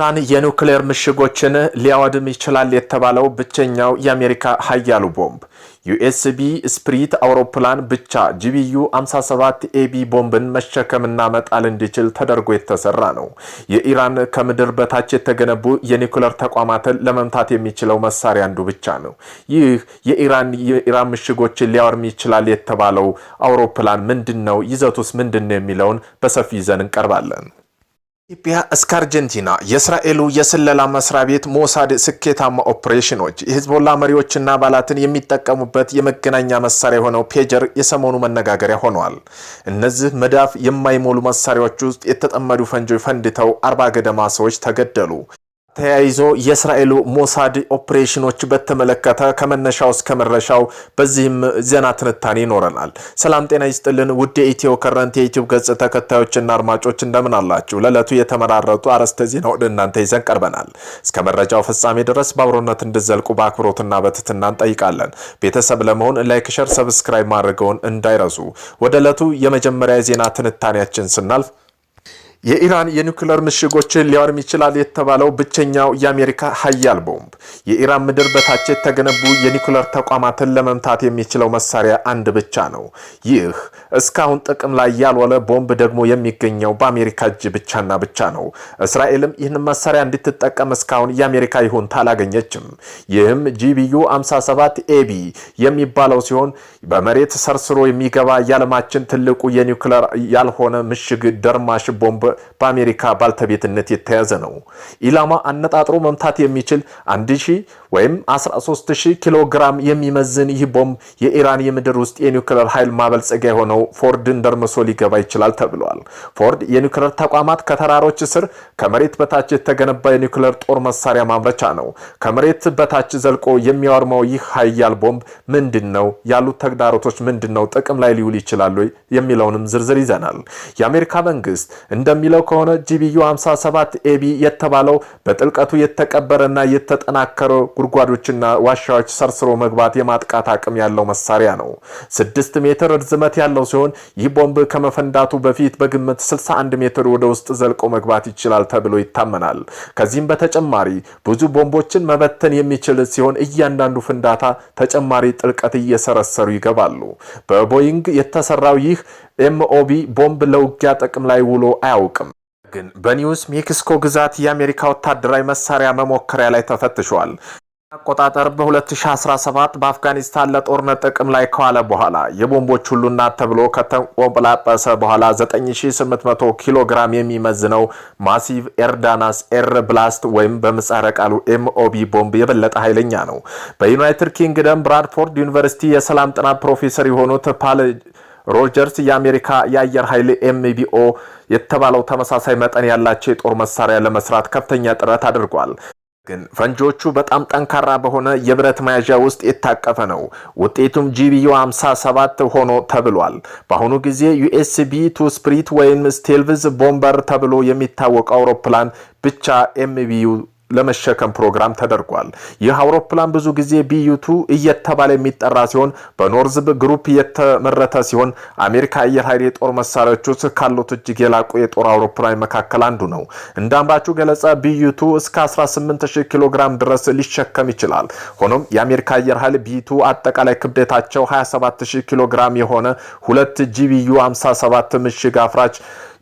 የኢራን የኒውክሌር ምሽጎችን ሊያወድም ይችላል የተባለው ብቸኛው የአሜሪካ ሀያሉ ቦምብ ዩኤስቢ ስፕሪት አውሮፕላን ብቻ ጂቢዩ 57 ኤቢ ቦምብን መሸከምና መጣል እንዲችል ተደርጎ የተሰራ ነው። የኢራን ከምድር በታች የተገነቡ የኒውክሌር ተቋማትን ለመምታት የሚችለው መሳሪያ አንዱ ብቻ ነው። ይህ የኢራን የኢራን ምሽጎችን ሊያወድም ይችላል የተባለው አውሮፕላን ምንድን ነው? ይዘቱስ ምንድን ነው? የሚለውን በሰፊ ይዘን እንቀርባለን። ኢትዮጵያ እስከ አርጀንቲና የእስራኤሉ የስለላ መስሪያ ቤት ሞሳድ ስኬታማ ኦፕሬሽኖች የሂዝቦላ መሪዎችና አባላትን የሚጠቀሙበት የመገናኛ መሳሪያ የሆነው ፔጀር የሰሞኑ መነጋገሪያ ሆኗል። እነዚህ መዳፍ የማይሞሉ መሳሪያዎች ውስጥ የተጠመዱ ፈንጆች ፈንድተው አርባ ገደማ ሰዎች ተገደሉ። ተያይዞ የእስራኤሉ ሞሳድ ኦፕሬሽኖች በተመለከተ ከመነሻው እስከ መድረሻው በዚህም ዜና ትንታኔ ይኖረናል። ሰላም ጤና ይስጥልን ውድ የኢትዮ ከረንት የዩቲዩብ ገጽ ተከታዮችና አድማጮች እንደምን አላችሁ? ለዕለቱ የተመራረጡ አርዕስተ ዜና ወደ እናንተ ይዘን ቀርበናል። እስከ መረጃው ፍጻሜ ድረስ በአብሮነት እንድዘልቁ በአክብሮትና በትትና እንጠይቃለን። ቤተሰብ ለመሆን ላይክ፣ ሸር፣ ሰብስክራይብ ማድረገውን እንዳይረሱ። ወደ ዕለቱ የመጀመሪያ የዜና ትንታኔያችን ስናልፍ የኢራን የኒውክለር ምሽጎችን ሊያወርም ይችላል የተባለው ብቸኛው የአሜሪካ ሀያል ቦምብ የኢራን ምድር በታች የተገነቡ የኒውክለር ተቋማትን ለመምታት የሚችለው መሳሪያ አንድ ብቻ ነው። ይህ እስካሁን ጥቅም ላይ ያልዋለ ቦምብ ደግሞ የሚገኘው በአሜሪካ እጅ ብቻና ብቻ ነው። እስራኤልም ይህንን መሳሪያ እንድትጠቀም እስካሁን የአሜሪካ ይሁንታ አላገኘችም። ይህም ጂቢዩ 57 ኤቢ የሚባለው ሲሆን በመሬት ሰርስሮ የሚገባ የዓለማችን ትልቁ የኒውክለር ያልሆነ ምሽግ ደርማሽ ቦምብ በአሜሪካ ባልተቤትነት የተያዘ ነው። ኢላማ አነጣጥሮ መምታት የሚችል 1000 ወይም 13000 ኪሎ ግራም የሚመዝን ይህ ቦምብ የኢራን የምድር ውስጥ የኒውክሌር ኃይል ማበልጸጊያ የሆነው ፎርድን ደርምሶ ሊገባ ይችላል ተብሏል። ፎርድ የኒውክሌር ተቋማት ከተራሮች ስር ከመሬት በታች የተገነባ የኒውክሌር ጦር መሳሪያ ማምረቻ ነው። ከመሬት በታች ዘልቆ የሚያወርመው ይህ ሀያል ቦምብ ምንድን ነው? ያሉት ተግዳሮቶች ምንድን ነው? ጥቅም ላይ ሊውል ይችላሉ የሚለውንም ዝርዝር ይዘናል። የአሜሪካ መንግስት እንደ እንደሚለው ከሆነ ጂቢዩ 57 ኤቢ የተባለው በጥልቀቱ የተቀበረና የተጠናከረ ጉድጓዶችና ዋሻዎች ሰርስሮ መግባት የማጥቃት አቅም ያለው መሳሪያ ነው። 6 ሜትር ርዝመት ያለው ሲሆን ይህ ቦምብ ከመፈንዳቱ በፊት በግምት 61 ሜትር ወደ ውስጥ ዘልቆ መግባት ይችላል ተብሎ ይታመናል። ከዚህም በተጨማሪ ብዙ ቦምቦችን መበተን የሚችል ሲሆን እያንዳንዱ ፍንዳታ ተጨማሪ ጥልቀት እየሰረሰሩ ይገባሉ። በቦይንግ የተሰራው ይህ ኤምኦቢ ቦምብ ለውጊያ ጥቅም ላይ ውሎ አያውቅም። ግን በኒውስ ሜክሲኮ ግዛት የአሜሪካ ወታደራዊ መሳሪያ መሞከሪያ ላይ ተፈትሿል። አቆጣጠር በ2017 በአፍጋኒስታን ለጦርነት ጥቅም ላይ ከዋለ በኋላ የቦምቦች ሁሉ እናት ተብሎ ከተንቆላጠሰ በኋላ 9800 ኪሎ ግራም የሚመዝነው ማሲቭ ኤርዳናስ ኤር ብላስት ወይም በምጻረ ቃሉ ኤምኦቢ ቦምብ የበለጠ ኃይለኛ ነው። በዩናይትድ ኪንግደም ብራድፎርድ ዩኒቨርሲቲ የሰላም ጥናት ፕሮፌሰር የሆኑት ፓል ሮጀርስ የአሜሪካ የአየር ኃይል ኤምቢኦ የተባለው ተመሳሳይ መጠን ያላቸው የጦር መሳሪያ ለመስራት ከፍተኛ ጥረት አድርጓል። ግን ፈንጂዎቹ በጣም ጠንካራ በሆነ የብረት መያዣ ውስጥ የታቀፈ ነው። ውጤቱም ጂቢዩ 57 ሆኖ ተብሏል። በአሁኑ ጊዜ ዩኤስቢ ቱ ስፕሪት ወይም ስቴልቭዝ ቦምበር ተብሎ የሚታወቀው አውሮፕላን ብቻ ኤምቢዩ ለመሸከም ፕሮግራም ተደርጓል። ይህ አውሮፕላን ብዙ ጊዜ ቢዩቱ እየተባለ የሚጠራ ሲሆን በኖርዝብ ግሩፕ የተመረተ ሲሆን አሜሪካ አየር ኃይል የጦር መሳሪያዎች ውስጥ ካሉት እጅግ የላቁ የጦር አውሮፕላን መካከል አንዱ ነው። እንደ አምራቹ ገለጻ ቢዩቱ እስከ 180 ኪሎ ግራም ድረስ ሊሸከም ይችላል። ሆኖም የአሜሪካ አየር ኃይል ቢዩቱ አጠቃላይ ክብደታቸው 270 ኪሎ ግራም የሆነ ሁለት ጂቢዩ 57 ምሽግ አፍራች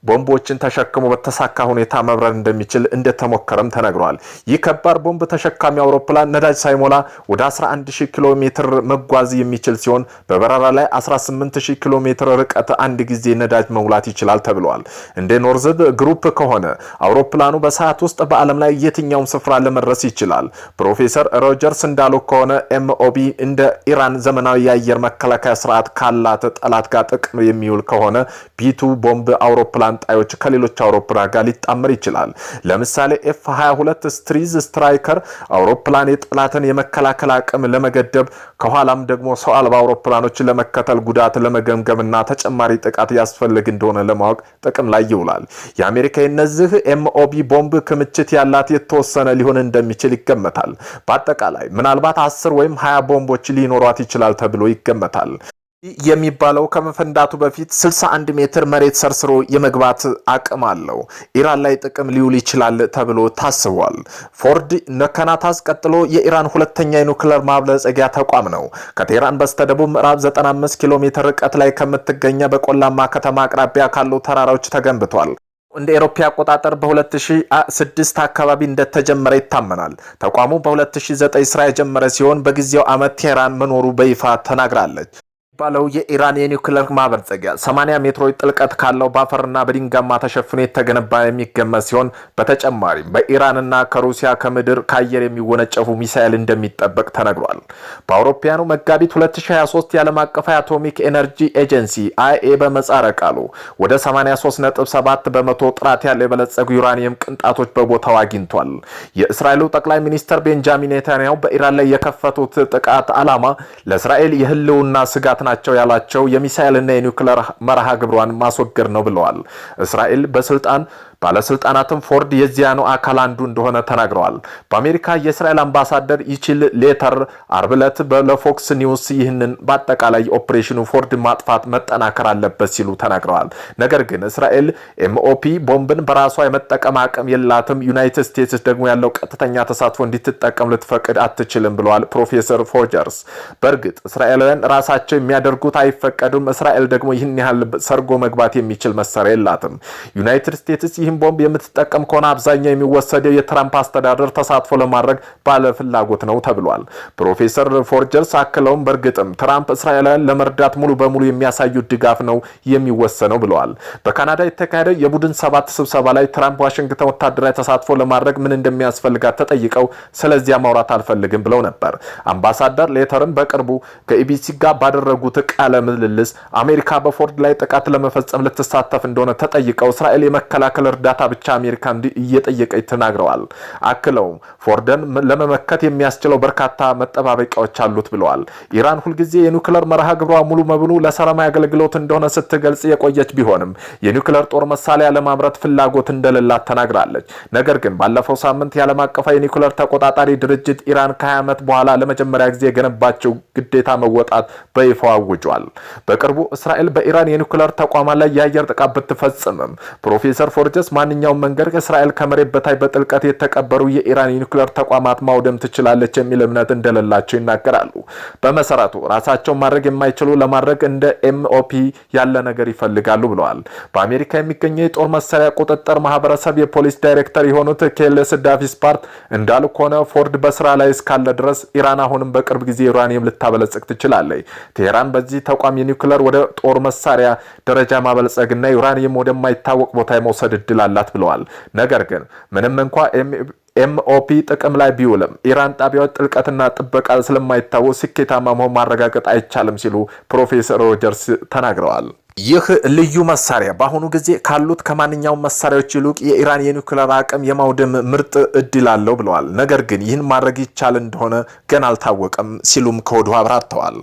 ቦምቦችን ተሸክሞ በተሳካ ሁኔታ መብረር እንደሚችል እንደተሞከረም ተነግሯል። ይህ ከባድ ቦምብ ተሸካሚ አውሮፕላን ነዳጅ ሳይሞላ ወደ 11000 ኪሎ ሜትር መጓዝ የሚችል ሲሆን በበረራ ላይ 18000 ኪሎ ሜትር ርቀት አንድ ጊዜ ነዳጅ መሙላት ይችላል ተብለዋል። እንደ ኖርዝብ ግሩፕ ከሆነ አውሮፕላኑ በሰዓት ውስጥ በዓለም ላይ የትኛውም ስፍራ ለመድረስ ይችላል። ፕሮፌሰር ሮጀርስ እንዳሉ ከሆነ ኤምኦቢ እንደ ኢራን ዘመናዊ የአየር መከላከያ ስርዓት ካላት ጠላት ጋር ጥቅም የሚውል ከሆነ ቢቱ ቦምብ አውሮፕላን ተገላንጣዮች ከሌሎች አውሮፕላን ጋር ሊጣመር ይችላል። ለምሳሌ ኤፍ 22 ስትሪዝ ስትራይከር አውሮፕላን የጠላትን የመከላከል አቅም ለመገደብ ከኋላም ደግሞ ሰው አልባ አውሮፕላኖችን ለመከተል ጉዳት ለመገምገምና ተጨማሪ ጥቃት ያስፈልግ እንደሆነ ለማወቅ ጥቅም ላይ ይውላል። የአሜሪካ የነዚህ ኤምኦቢ ቦምብ ክምችት ያላት የተወሰነ ሊሆን እንደሚችል ይገመታል። በአጠቃላይ ምናልባት አስር ወይም ሀያ ቦምቦች ሊኖሯት ይችላል ተብሎ ይገመታል። የሚባለው ከመፈንዳቱ በፊት 61 ሜትር መሬት ሰርስሮ የመግባት አቅም አለው። ኢራን ላይ ጥቅም ሊውል ይችላል ተብሎ ታስቧል። ፎርድ ነከናታስ ቀጥሎ የኢራን ሁለተኛ የኑክሌር ማብለጸጊያ ተቋም ነው። ከቴህራን በስተደቡብ ምዕራብ 95 ኪሎ ሜትር ርቀት ላይ ከምትገኘ በቆላማ ከተማ አቅራቢያ ካሉ ተራራዎች ተገንብቷል። እንደ ኤሮፓ አቆጣጠር በ2006 አካባቢ እንደተጀመረ ይታመናል። ተቋሙ በ2009 ስራ የጀመረ ሲሆን በጊዜው ዓመት ቴህራን መኖሩ በይፋ ተናግራለች። ባለው የኢራን የኒውክለር ማበልጸጊያ 80 ሜትሮች ጥልቀት ካለው ባፈርና በድንጋማ ተሸፍኖ የተገነባ የሚገመት ሲሆን በተጨማሪም በኢራንና ከሩሲያ ከምድር ከአየር የሚወነጨፉ ሚሳኤል እንደሚጠበቅ ተነግሯል። በአውሮፓያኑ መጋቢት 2023 የዓለም አቀፍ የአቶሚክ ኤነርጂ ኤጀንሲ አይኤ በመጻረ ቃሉ ወደ 83.7 በመቶ ጥራት ያለው የበለጸጉ ዩራኒየም ቅንጣቶች በቦታው አግኝቷል። የእስራኤሉ ጠቅላይ ሚኒስትር ቤንጃሚን ኔታንያሁ በኢራን ላይ የከፈቱት ጥቃት ዓላማ ለእስራኤል የህልውና ስጋት ናቸው ያላቸው የሚሳኤልና የኒውክሌር መርሃ ግብሯን ማስወገድ ነው ብለዋል። እስራኤል በስልጣን ባለስልጣናትም ፎርድ የዚያኑ አካል አንዱ እንደሆነ ተናግረዋል። በአሜሪካ የእስራኤል አምባሳደር ይችል ሌተር አርብ ዕለት ለፎክስ ኒውስ ይህንን በአጠቃላይ ኦፕሬሽኑ ፎርድ ማጥፋት መጠናከር አለበት ሲሉ ተናግረዋል። ነገር ግን እስራኤል ኤምኦፒ ቦምብን በራሷ የመጠቀም አቅም የላትም፣ ዩናይትድ ስቴትስ ደግሞ ያለው ቀጥተኛ ተሳትፎ እንዲትጠቀም ልትፈቅድ አትችልም ብለዋል ፕሮፌሰር ፎጀርስ። በእርግጥ እስራኤላውያን ራሳቸው የሚያ እንዲያደርጉት አይፈቀዱም እስራኤል ደግሞ ይህን ያህል ሰርጎ መግባት የሚችል መሳሪያ የላትም። ዩናይትድ ስቴትስ ይህን ቦምብ የምትጠቀም ከሆነ አብዛኛው የሚወሰደው የትራምፕ አስተዳደር ተሳትፎ ለማድረግ ባለፍላጎት ነው ተብሏል። ፕሮፌሰር ፎርጀርስ አክለውም በእርግጥም ትራምፕ እስራኤላውያን ለመርዳት ሙሉ በሙሉ የሚያሳዩት ድጋፍ ነው የሚወሰነው ብለዋል። በካናዳ የተካሄደው የቡድን ሰባት ስብሰባ ላይ ትራምፕ ዋሽንግተን ወታደራዊ ተሳትፎ ለማድረግ ምን እንደሚያስፈልጋት ተጠይቀው ስለዚያ ማውራት አልፈልግም ብለው ነበር። አምባሳደር ሌተርም በቅርቡ ከኢቢሲ ጋር ባደረጉ ባደረጉት ቃለ ምልልስ አሜሪካ በፎርድ ላይ ጥቃት ለመፈጸም ልትሳተፍ እንደሆነ ተጠይቀው እስራኤል የመከላከል እርዳታ ብቻ አሜሪካ እንዲህ እየጠየቀች ተናግረዋል። አክለውም ፎርደን ለመመከት የሚያስችለው በርካታ መጠባበቂያዎች አሉት ብለዋል። ኢራን ሁልጊዜ የኒውክለር መርሃ ግብሯ ሙሉ በሙሉ ለሰላማዊ አገልግሎት እንደሆነ ስትገልጽ የቆየች ቢሆንም የኒውክለር ጦር መሳሪያ ለማምረት ፍላጎት እንደሌላት ተናግራለች። ነገር ግን ባለፈው ሳምንት የዓለም አቀፋ የኒውክለር ተቆጣጣሪ ድርጅት ኢራን ከ20 ዓመት በኋላ ለመጀመሪያ ጊዜ የገነባቸው ግዴታ መወጣት በይፋ አውጇል። በቅርቡ እስራኤል በኢራን የኒውክለር ተቋማት ላይ የአየር ጥቃት ብትፈጽምም ፕሮፌሰር ፎርጀስ ማንኛውም መንገድ እስራኤል ከመሬት በታይ በጥልቀት የተቀበሩ የኢራን የኒኩሌር ተቋማት ማውደም ትችላለች የሚል እምነት እንደሌላቸው ይናገራሉ። በመሰረቱ ራሳቸውን ማድረግ የማይችሉ ለማድረግ እንደ ኤምኦፒ ያለ ነገር ይፈልጋሉ ብለዋል። በአሜሪካ የሚገኘው የጦር መሳሪያ ቁጥጥር ማህበረሰብ የፖሊስ ዳይሬክተር የሆኑት ኬልስ ዳቪስ ፓርት እንዳሉ ከሆነ ፎርድ በስራ ላይ እስካለ ድረስ ኢራን አሁንም በቅርብ ጊዜ ዩራኒየም ልታበለጽግ ትችላለች። ኢራን በዚህ ተቋም የኒውክለር ወደ ጦር መሳሪያ ደረጃ ማበልጸግና ዩራኒየም ወደማይታወቅ ቦታ የመውሰድ እድል አላት ብለዋል። ነገር ግን ምንም እንኳ ኤምኦፒ ጥቅም ላይ ቢውልም ኢራን ጣቢያዎች ጥልቀትና ጥበቃ ስለማይታወቅ ስኬታማ መሆን ማረጋገጥ አይቻልም ሲሉ ፕሮፌሰር ሮጀርስ ተናግረዋል። ይህ ልዩ መሳሪያ በአሁኑ ጊዜ ካሉት ከማንኛውም መሳሪያዎች ይልቅ የኢራን የኒውክሌር አቅም የማውደም ምርጥ እድል አለው ብለዋል። ነገር ግን ይህን ማድረግ ይቻል እንደሆነ ገና አልታወቀም ሲሉም ከወዲሁ አብራርተዋል።